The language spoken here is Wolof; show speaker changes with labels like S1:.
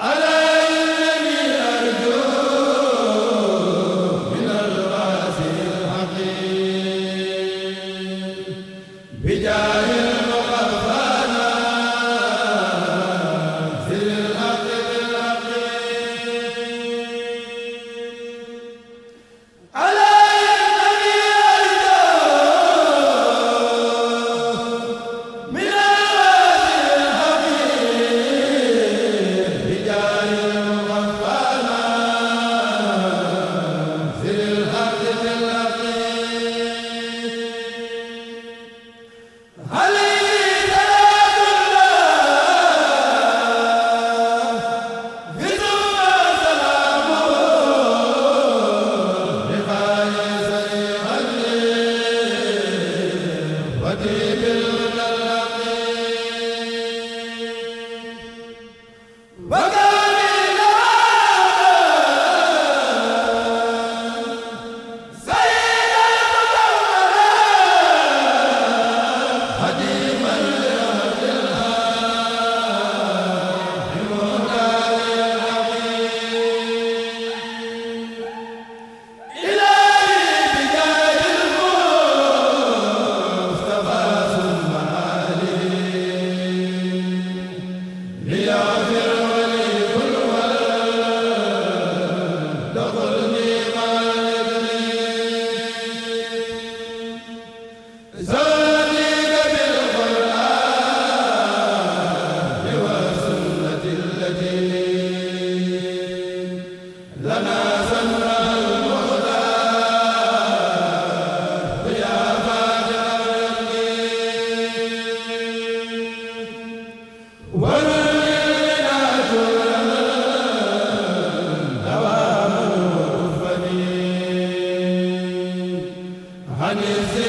S1: ala ani